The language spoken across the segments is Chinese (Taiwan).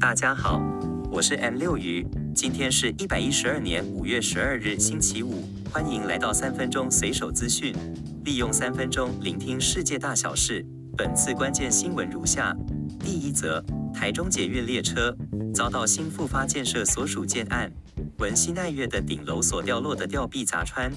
大家好，我是 M 六魚，今天是一百一十二年五月十二日星期五，歡迎來到三分鐘隨手資訊，利用三分鐘聆聽世界大小事。本次關鍵新聞如下：第一則，台中捷運列車遭到新復發建設所屬建案文熙奈月的頂樓所掉落的吊臂砸穿，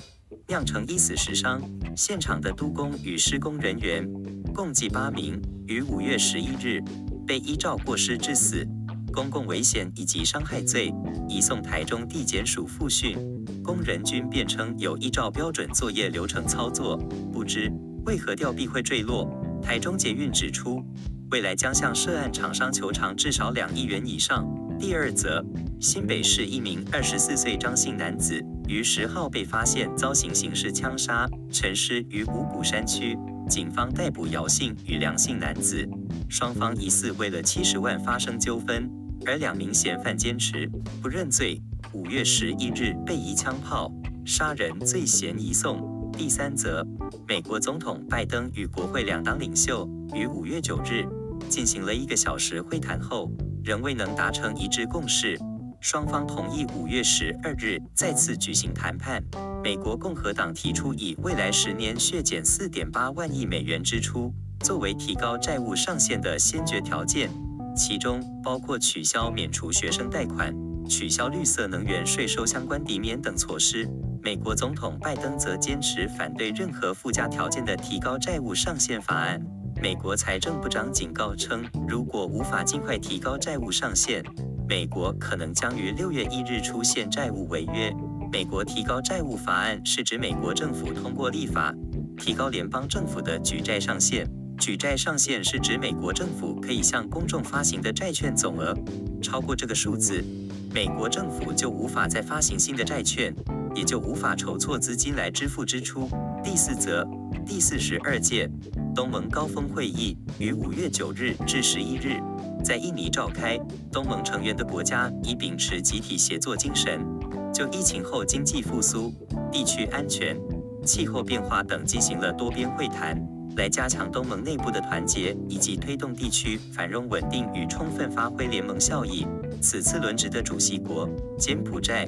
釀成一死十傷。現場的督工與施工人員共計八名，於五月十一日被依照過失致死。公共危險以及傷害罪移送台中地檢署複訊，工人均辯稱有依照標準作業流程操作，不知為何吊臂會墜落。台中捷運指出，未來將向涉案廠商求償至少兩億元以上。第二則，新北市一名二十四歲張姓男子於十號被發現遭行刑,刑事槍殺，陳屍於五股山區，警方逮捕姚姓與梁姓男子，雙方疑似為了七十萬發生糾紛。而兩名嫌犯堅持不認罪，五月十一日被以槍炮殺人罪嫌移送。第三則，美國總統拜登與國會兩黨領袖於五月九日進行了一個小時會談後，仍未能達成一致共識，雙方同意五月十二日再次舉行談判。美國共和黨提出以未來十年削減四點八萬億美元支出作為提高債務上限的先決條件。其中包括取消免除學生貸款、取消綠色能源稅收相關抵免等措施。美國總統拜登則堅持反對任何附加條件的提高債務上限法案。美國財政部長警告稱，如果無法盡快提高債務上限，美國可能將於六月一日出現債務違約。美國提高債務法案是指美國政府通過立法提高聯邦政府的舉債上限。舉債上限是指美國政府可以向公眾發行的債券總額，超過這個數字，美國政府就無法再發行新的債券，也就無法籌措資金來支付支出。第四則，第四十二屆東盟高峰會議於五月九日至十一日在印尼召開，東盟成員的國家已秉持集體協作精神，就疫情後經濟復甦、地區安全、氣候變化等進行了多邊會談。來加強東盟內部的團結，以及推動地區繁榮穩定與充分發揮聯盟效益。此次輪值的主席國柬埔寨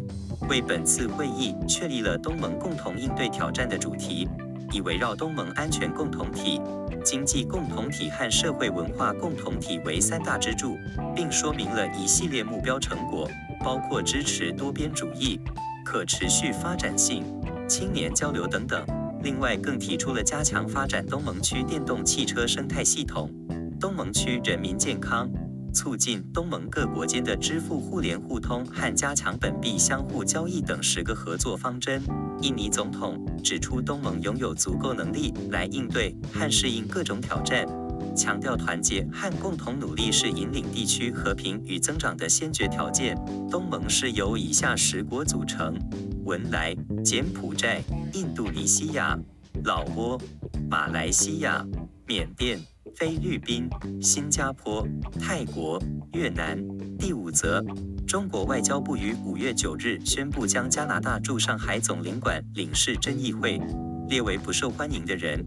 為本次會議確立了東盟共同應對挑戰的主題，以圍繞東盟安全共同體、經濟共同體和社會文化共同體為三大支柱，並說明了一系列目標成果，包括支持多邊主義、可持續發展性、青年交流等等。另外，更提出了加強發展東盟區電動汽車生態系統、東盟區人民健康、促進東盟各國間的支付互聯互通和加強本幣相互交易等十個合作方針。印尼總統指出，東盟擁有足夠能力來應對和適應各種挑戰，強調團結和共同努力是引領地區和平與增長的先決條件。東盟是由以下十國組成。文萊、柬埔寨、印度尼西亞、老撾、馬來西亞、緬甸、菲律賓、新加坡、泰國、越南。第五則，中國外交部於五月九日宣布，將加拿大駐上海總領館領事甄議會列為不受歡迎的人，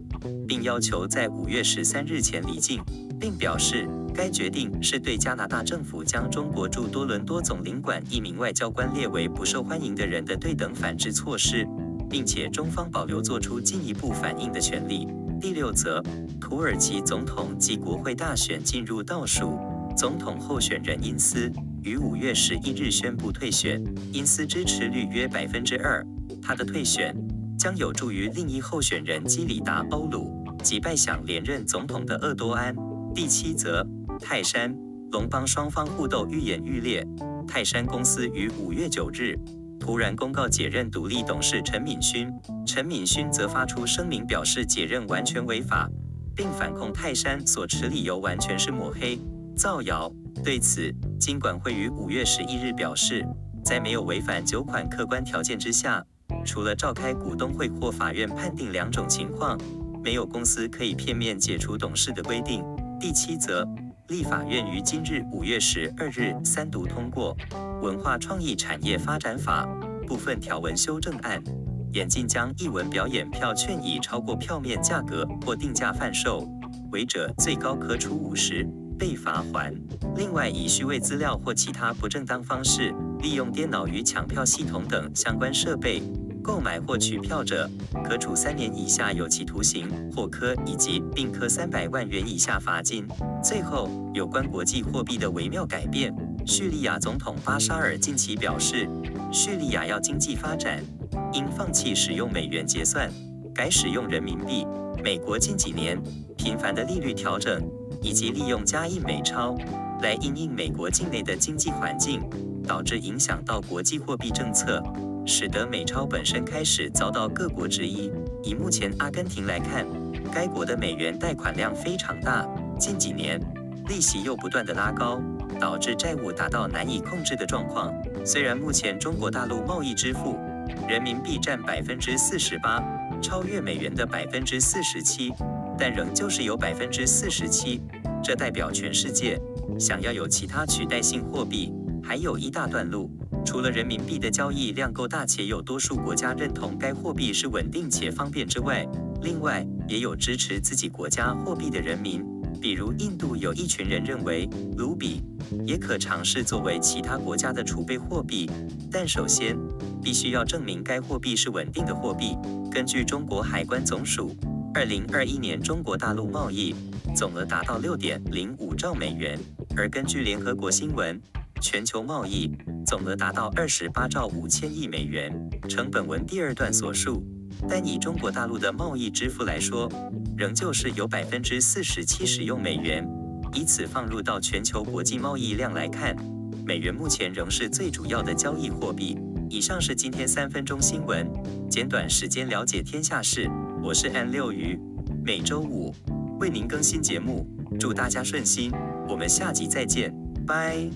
並要求在五月十三日前離境，並表示。該決定是對加拿大政府將中國駐多倫多總領館一名外交官列為不受歡迎的人的對等反制措施，並且中方保留做出進一步反應的權利。第六則，土耳其總統及國會大選進入倒數，總統候選人因斯於五月十一日宣布退選，因斯支持率約百分之二，他的退選將有助於另一候選人基里達歐魯擊敗想連任總統的厄多安。第七則。泰山龍邦雙方互鬥愈演愈烈。泰山公司於五月九日突然公告解任獨立董事陳敏勳，陳敏勳則發出聲明表示解任完全違法，並反控泰山所持理由完全是抹黑、造謠。對此，金管會於五月十一日表示，在沒有違反九款客觀條件之下，除了召開股東會或法院判定兩種情況，沒有公司可以片面解除董事的規定。第七則。立法院於今日五月十二日三讀通過《文化創意產業發展法》部分條文修正案，嚴禁將藝文表演票券以超過票面價格或定價販售，違者最高可處五十倍罰鍰。另外，以虛偽資料或其他不正當方式利用電腦與搶票系統等相關設備。購買或取票者可處三年以下有期徒刑或科以及併科三百萬元以下罰金。最後，有關國際貨幣的微妙改變，敘利亞總統巴沙爾近期表示，敘利亞要經濟發展，應放棄使用美元結算，改使用人民幣。美國近幾年頻繁的利率調整以及利用加印美鈔來因應美國境內的經濟環境，導致影響到國際貨幣政策。使得美鈔本身開始遭到各國質疑。以目前阿根廷來看，該國的美元貸款量非常大，近幾年利息又不斷的拉高，導致債務達到難以控制的狀況。雖然目前中國大陸貿易支付人民幣占百分之四十八，超越美元的百分之四十七，但仍舊是有百分之四十七。這代表全世界想要有其他取代性貨幣，還有一大段路。除了人民幣的交易量夠大且有多數國家認同該貨幣是穩定且方便之外，另外也有支持自己國家貨幣的人民，比如印度有一群人認為盧比也可嘗試作為其他國家的儲備貨幣，但首先必須要證明該貨幣是穩定的貨幣。根據中國海關總署，二零二一年中國大陸貿易總額達到六點零五兆美元，而根據聯合國新聞，全球貿易總額達到二十八兆五千億美元，成本文第二段所述。單以中國大陸的貿易支付來說，仍舊是有百分之四十七使用美元。以此放入到全球國際貿易量來看，美元目前仍是最主要的交易貨幣。以上是今天三分鐘新聞，簡短時間了解天下事。我是 N 六魚，每周五為您更新節目，祝大家順心。我們下集再見，拜。